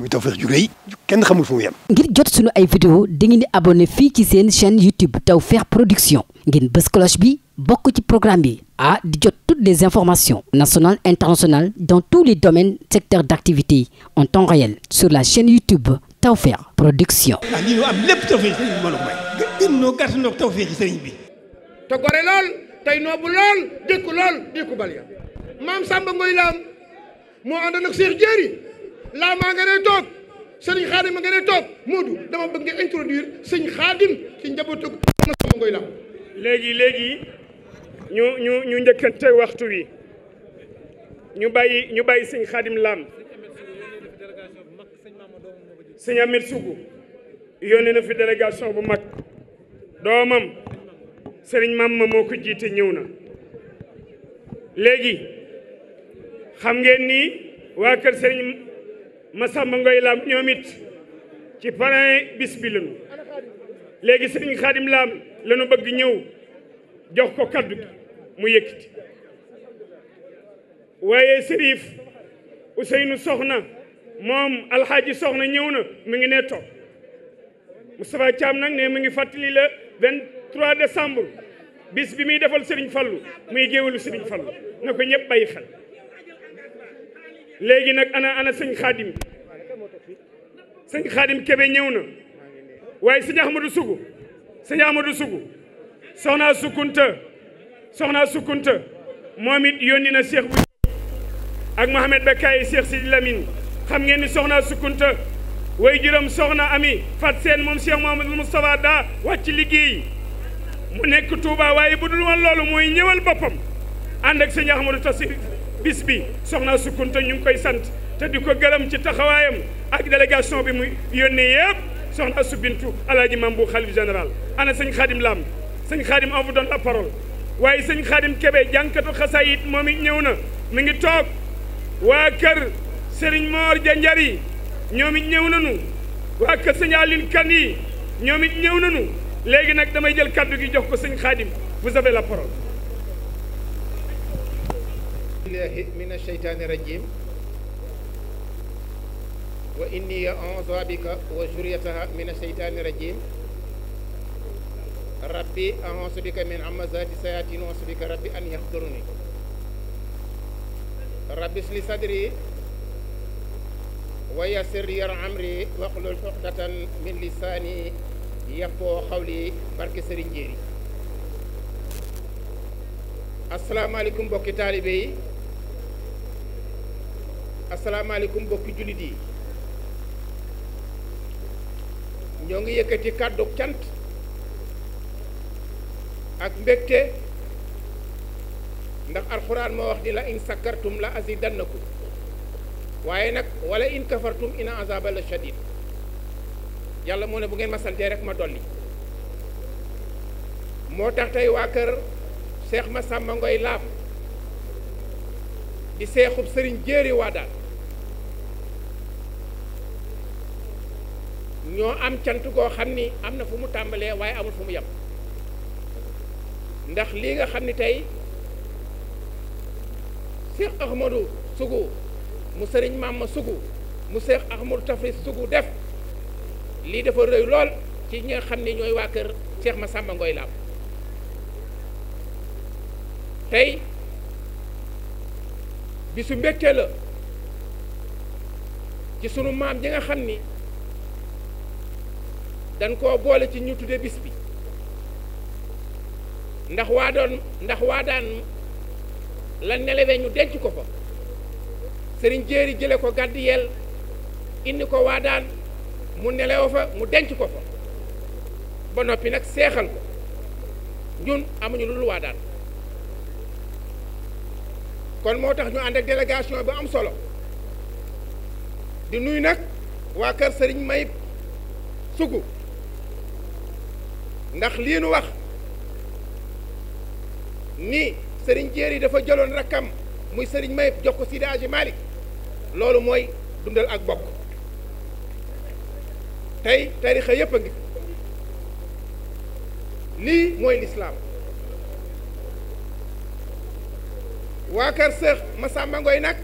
muy Tawfekh ju rëy kenn xamul fu mu yem. ngir jot sunu ay vidéo dangeen di abonné fii ci seen chaîne YouTube Tawfekh Production ngeen bës cloche bi bokk ci programme bi ah di jot toutes les informations nationales internationales dans tous les domaines secteurs d'activité en temps réel sur la chaîne YouTube Tawfekh Production. ah lii ñu am lépp Tawfekh sëriñ bi mbooloo bi. te gore lool tey noobu lool dëkku lool dëkku bal ya maam Samba Ngoy laam moo àndoon ak Cheikh Jéeri. laa maa nga nee toog sëriñ xaadim ma nga nee toog Modou dama bëgg nga introduire sëñ xaadim ci njabootu ma sama léegi léegi ñu ñu ñu njëkkante waxtu wi ñu bàyyi ñu bàyyi sëñ xaadim lam sëñ Amir na fi délégation bu mag doomam sëriñ mam ma moo ko jiite ñëw na léegi xam ngeen ni waa kër sëriñ ma Ngoy Lam ñoom ci parrain bis bi lañu léegi sëriñ Xaadim Lam lañu bëgg ñëw jox ko kaddu gi mu yëkkati waaye sërif Ousseynou Soxna moom alxaaji Soxna ñëw na mi ngi nee ne toog Moustapha Thiam nag ne mi ngi fàttali la 23 décembre bis bi muy defal sëriñ Fallu muy géewalu sëriñ Fallu na ko ñëpp bàyyi xel léegi nag ana ana sëñ xaadim sëñ xaadim kebe ñëw na waaye sëñ ahmadou sugu sëñ ahmadou sugu soxna sukkunta soxna sukkunta moom it yónni na cheikh mu ak mohamed bakaye cheikh sidi lamine xam ngeen ni soxna sukkunta way juróom soxna ami fat seen moom cheikh mohamadul moustapha daa wàcc liggéey mu nekk Touba waaye bu dul woon mooy ñëwal boppam ànd ak sëñ ahmadou tasir bis bi soxna Sukunta ñu ngi koy sant te di ko gërëm ci taxawaayam ak délégation bi mu yónnee yëpp soxna Subintu alaaji mam bu xalif général ana sëñ xaadim lam sëñ xaadim on vous donne la waaye sëñ xaadim Kebe jànkatu xasaayit moom it ñëw na mu ngi toog waa kër Serigne Mor Janjari ñoom it ñëw nañu waa kër sëñ Aline Kan ñoom it ñëw nañu léegi nag damay jël kaddu gi jox ko sëñ xaadim bu sabe la billahi min asheytaani rajim wa inni a'uudu bika wa rajim rabbi a'uudu bika min hamazaati sayaatiin wa a'uudu bika rabbi an yahduruni rabbi ishrah li sadri wa yassir li amri wahlul uqdatan min lisaani yafqahu qawli barke Sëriñ Jéeri asalaamaaleykum mbokki taalibe yi asalaamaaleykum mbokki jullit yi ñoo ngi yëkkati kàddu cant ak mbégte ndax alxuraan moo wax di la in sakkartum la azidannakum waaye nag walla in ina azaba la shadid yàlla moo ne bu ngeen ma santee rek ma dolli moo tax tey waa kër Cheikh Massamba Ngoy Lam di seexub sëriñ jéeri waa daal ñoo am cant goo xam ni am na fu mu tàmbalee waaye amul fu mu yem ndax lii nga xam ni tey Cheikh Ahmadou Sougou mu sëriñ Mama Sougou mu Cheikh Ahmadou Tafris Sougou def lii dafa rëy lool ci ñi nga xam ni ñooy waa kër Cheikh Massamba Ngoy Lam tey bi su mbégte la ci sunu maam ji nga xam ni dañ koo boole ci ñu tudde bis bi ndax waa doon ndax waa daan la nelawee ñu denc ko fa sëriñ jéeri jële ko gàdd yel indi ko waa daan mu nelew fa mu denc ko fa ba noppi nag seexal ko ñun amuñu lu waa daan kon moo tax ñu ànd ak délégation bu am solo di nuyu nag waa kër sëriñ Mayib Sugu ndax lii nu wax nii sëriñ jéer yi dafa jëloon rakkam muy sëriñ Mayib jox ko Sidi malik loolu mooy dundal ak bokk tey tarixa yépp a ngi lii mooy lislaam waa kër Seex Masamba nag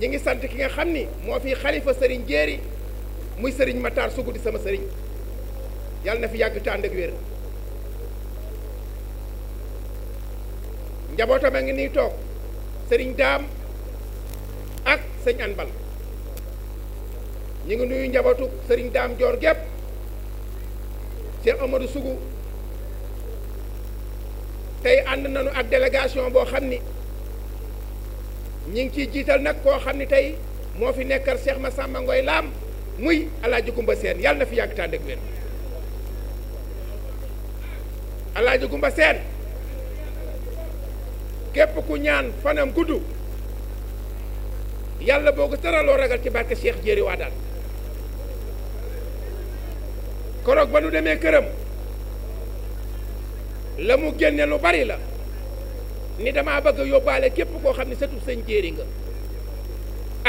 ñi ngi sant ki nga xam ni moo fi xalifa sëriñ yi muy sëriñ Matar Sugu di sama sëriñ yàlla na fi yàgg tànd ànd ak wér njabootam a ngi nii toog sëriñ daam ak sëñ anbal ñu ngi nuyu njabootu sëriñ daam joor gépp Cheikh Amadou Sougou tey ànd nanu ak délégation boo xam ni ñi ngi ciy jiital nag koo xam ni tey moo fi nekkal Cheikh Massamba Ngoy Lam muy Alaaji Kumba Seen yàlla na fi yàgg te ak wér alaaji Gumba Seen képp ku ñaan fanam gudd yàlla boo ko tëraloo ragal ci barke Cheikh Jéeri waa daal koroog ba nu demee këram la mu génne lu bari la ni dama bëgg a yóbbaale képp koo xam ne sëtub sëñ Jéeri nga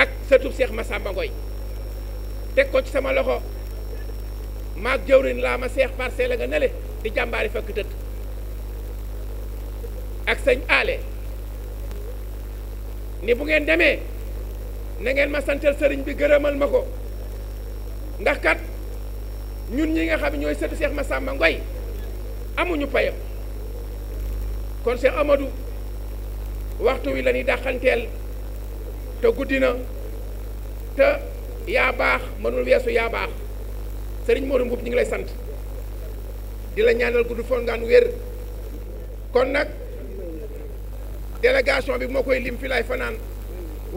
ak sëtub Cheikh Massamba Ngoy teg ko ci sama loxo maag jëwrin laa ma Cheikh Parcelle nga nele di jàmbaari fakk tëdd ak sëñ ale ni bu ngeen demee na ngeen ma santal sëriñ bi gërëmal ma ko ndax kat ñun ñi nga xam ne ñooy sëtu Cheikh Massamba Ngoy amuñu payam kon Cheikh Amadou waxtu wi la ñuy dàqanteel te guddi na te yaa baax mënul weesu yaa baax sëriñ Modou Mboup ñu ngi lay sant di la ñaanal gudd fan ngaan wér kon nag délégation bi moo koy lim fi fanaan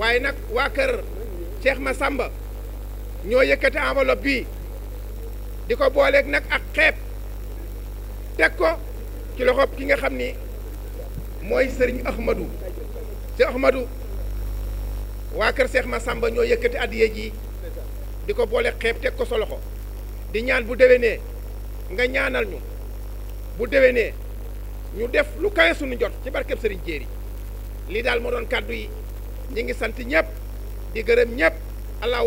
waaye nag waa kër Cheikh sàmba ñoo yëkkati enveloppe bii di ko booleeg nag ak xeeb teg ko ci loxo ki nga xam ni mooy sëriñ Ahmadou si Ahmadou waa kër seex ma Massamba ñoo yëkkati addiye ji di ko booleeg xeeb teg ko sa loxo di ñaan bu déwénee nga ñaanal ñu bu déwénee ñu def lu kawe suñu jot ci barkeb sëriñ jéeri lii daal moo doon kàddu yi ñi ngi sant ñëpp di gërëm ñëpp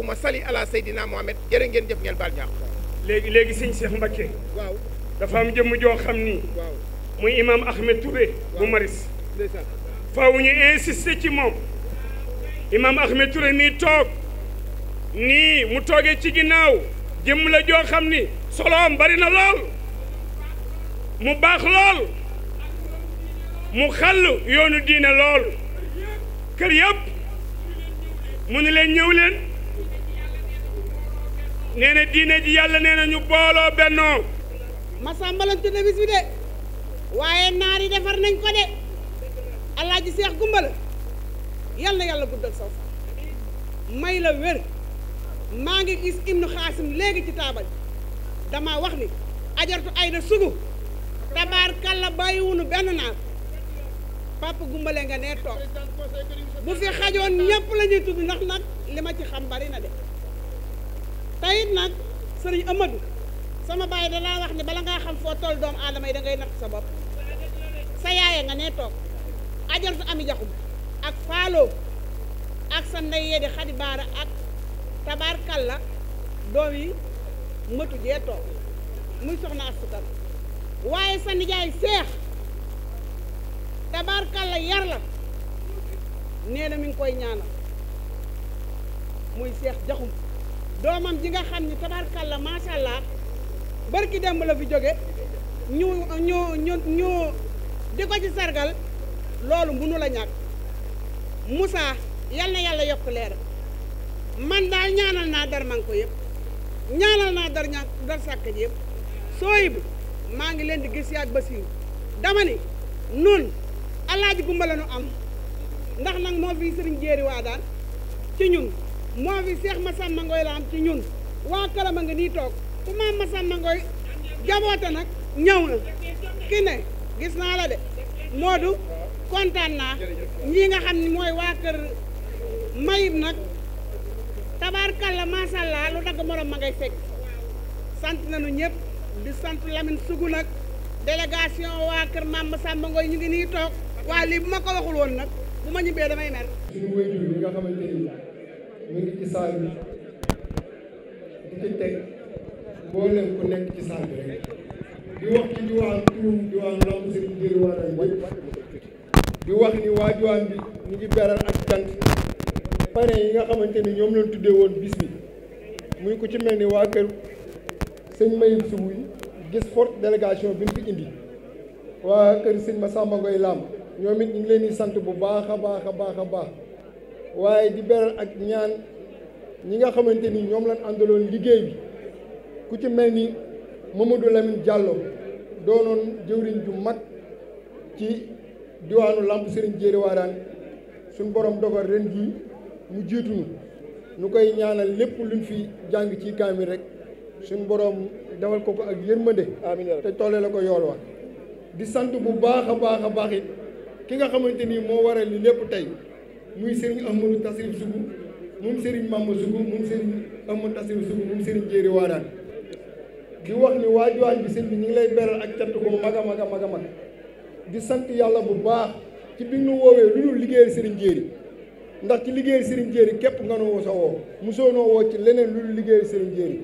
ma sali ala saydina muhammad jërë ngeen jëf ngeen baal léegi léegi si Cheikh Mbacké waaw dafa am jëmm joo xam nii waaw muy imam Ahmed Touré bu Maris faaw ñu insister ci moom imam Ahmed Touré nii toog nii mu toogee ci ginnaaw jëmm la joo xam ni soloom bari na lool mu baax lool mu xàll yoonu diine lool kër yëpp mu ni leen ñëw leen nee na diine ji yàlla nee na ñu booloo bennoo ma sàmbalan tudde bis bi de waaye naar yi defar nañ ko de alaaji seex gumbal yal na yàlla guddal saw sax may la wér maa ngi gis ibnu xaasim léegi ci taabal dama wax ni ay na sugu tabaar kàlla bàyyiwunu benn naam papa gumbale nga ne toog bu fi xajoon ñëpp la tudd ndax nag li ma ci xam bari na de tayit nag sëriñ Amadou sama baay danaa wax ni bala ngaa xam foo toll doomu aadama yi da ngay natt sa bopp sa yaaya nga ne toog ajal sa ami jaxum ak faalo ak sa ndey yee di xadi baara ak tabaar la doom yi mëtu jee toog muy soxna astutal sa nijaay seex tabarkalla yar la nee na mu ngi koy ñaanal muy seex jaxum doomam ji nga xam ni tabarkalla macha allah barki démb la fi jóge ñu ñu ñu ñu di ko ci sargal loolu munu la ñàkk musaa yal na yàlla yokk leer man daal ñaanal naa dar man ko yëpp ñaanal naa dar ña dar sàkk ji yëpp sooy bi maa ngi leen di gis yaag Basiiru dama ni nun alaaji gumba nu am ndax nag moo fi sëriñ jéeri waa daan ci ñun moo fi seex Masamba Ngoy la ci ñun waa kalam a nga nii toog ku maam Masamba Ngoy jaboote nag ñëw na ki ne gis naa la de Moodu kontaan naa ñii nga xam ni mooy waa kër Mayib nag tabaarkalla maasàllaa lu dagg morom ma ngay fekk sant na nu ñëpp di sant Lamine Sougou nag délégation waa kër maam Samba Ngoy ñu ngi nii toog waa lii bu ma ko waxul woon nag bu ma ñibbee damay mer. suñu nga xamante ni mu ngi ci saal bi di ci teg mboolem ku nekk ci saal bi rek di wax ci diwaan tuum diwaan lamb Serigne Diri Wane yëpp di wax ni waa diwaan bi ñu ngi beral ak cant parrain yi nga xamante ni ñoom lañ tuddee woon bis bi muy ku ci mel ni waa kër. sëñ Mayib Sougou gis fort délégation bi mu fi indi waa kër sëñ Massamba Ngoy Lam ñoom it leen di sant bu baax a baax a baax a baax waaye di beral ak ñaan ñi nga xamante ni ñoom lañ àndaloon liggéey bi ku ci mel ni Mamadou Lamine jàlloo doonoon jëwriñ ju mag ci diwaanu Lamp Serigne Jéeri Waaraan suñ borom dogal ren jii mu jiituñu ñu koy ñaanal lépp luñ fi jàng ci kaamil rek suñ borom dawal ko ko ak yërmande te tollee la ko yool wa di sant bu baax a baax a baax it ki nga xamante nii moo waral li lépp tey muy sëriñ Ahmadou Tassirou Sougou moom sëriñ Mamba Sougou moom sëriñ Ahmadou Tassirou Sougou moom sëriñ Jéeri Waadaan di wax ni waa Diwane bi sëñ bi ñu ngi lay beral ak cant ko mag a mag a mag a mag di sant yàlla bu baax ci bi ñu woowee lu dul liggéeyal sëriñ Jéeri ndax ci liggéeyal sëriñ Jéeri képp nga noo sa woo mosoo noo woo ci leneen lu dul liggéeyal sëriñ Jéeri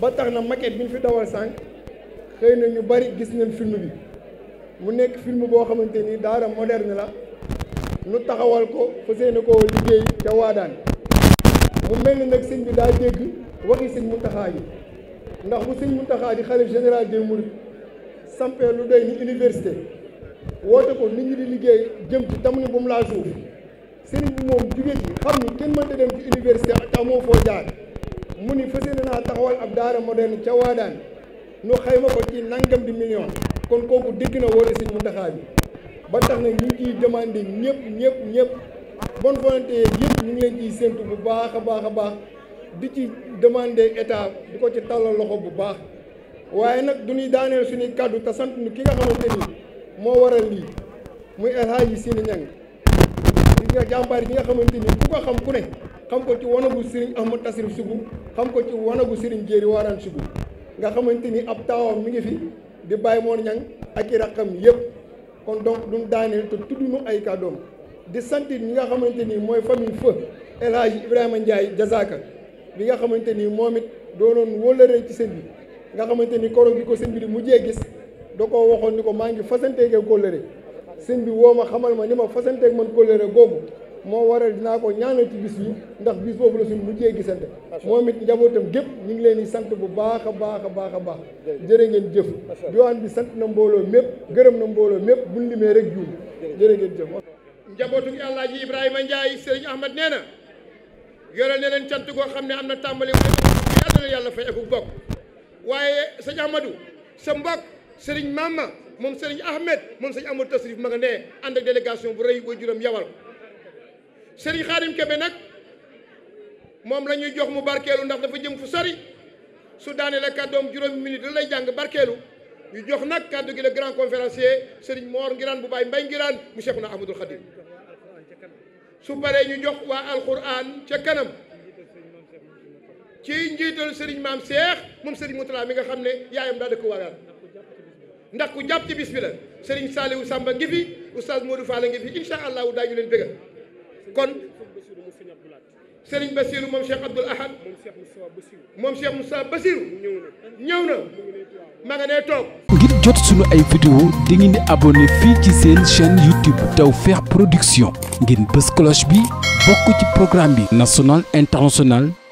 ba tax na maket bi ñu fi dawal sànq xëy na ñu bari gis nañ film bi mu nekk film boo xamante ni daara moderne la nu taxawal ko fa seeni ko liggéey ca waadaan mu mel ni nag sëñ bi daa dégg waxi sëñ Muntaxaa yi ndax bu sëñ Muntaxaa di xalif général des mourides sampee lu doy ni université woote ko nit ñi di liggéey jëm ci tam ni bu laa suuf sëriñ bi moom jugee ci xam ni kenn mënta dem ci université ak foo jaar mu ni fas yéene naa taxawal ab daara moderne ca waadaan nu xayma ko ci nangam di million kon kooku dégg na wala sëñ Muntaxa bi ba tax na ñu ngi ciy demandé ñëpp ñëpp bon bonne volonté yëpp ñu ngi leen ciy séntu bu baax a baax a baax di ci demandé état di ko ci tàllal loxo bu baax waaye nag du ñuy daaneel suñuy kàddu te sant ñu ki nga xamante ni moo waral lii muy El Hadji Sine Niang di nga jàmbaar nga xamante ni ku ko xam ku ne. xam ko ci wanagu Serigne Ahmad Tasrif Sougou xam ko ci wanagu Serigne Jéeri Waaraan Sougou nga xamante ni ab taawam mi ngi fi di Baye Mor Ñang ak i raqam yëpp kon donc duñ daaneel te tudd nu ay kàddoom di sant ñi nga xamante ni mooy famille feu El Hadj Ibrahima Ndiaye Jazaaka bi nga xamante ni moom it doonoon wóllëre ci sëñ bi nga xamante ni koro gi ko sëñ bi di mujjee gis doo koo waxoon ni ko maa ngi fasanteegee kóllëre sëñ bi woo ma xamal ma ni ma fasanteeg man kóllëre googu moo waral dinaa ko ñaanal ci bis bi ndax bis boobu la suñu mujjee gisante moom it njabootam gépp ñu ngi leen di sant bu baax a baax a baax a baax jërë ngeen jëf diwaan bi sant na mbooloo mépp gërëm na mbooloo mépp buñ limee rek juum jërë ngeen jëf njabootu gi Alaaji Ibrahima Ndiaye Sëriñ Ahmad nee na yore ne cant goo xam ne am na tàmbali yàlla na yàlla fay ak bokk waaye sëñ Ahmadou sa mbokk sëriñ Mama moom sëriñ Ahmed moom sëñ Amadou Tasrif ma nga ne ànd ak délégation bu rëy booy juróom yawal Serigne Khadim Kébé nag moom la ñuy jox mu barkeelu ndax dafa jëm fu sori su daanee la kàddoom juróomi minute la lay jàng barkeelu ñu jox nag kàddu gi le grand conférencier Serigne Mor Ngiraan bu Baay Mbay Ngiraan mu Cheikhuna Ahmadul Khadim su paree ñu jox waa alquran ca kanam ci njiital Serigne maam Cheikh moom mu Moutala mi nga xam ne yaayam daa dëkk waral ndax ku jàpp ci bis bi la Serigne Saliou Samba ngi fi oustaz Modou Fall ngi fi incha allahu daañu leen bëggal kon Serigne Bassirou moom Cheikh Abdoul Ahad moom Cheikh Moussa Bassirou ñëw na ma nga nee toog. ngir jot sunu ay vidéo di ngeen di abonné fii ci seen chaîne YouTube Tawfekh Production ngir bës cloche bi bokk ci programme bi national international.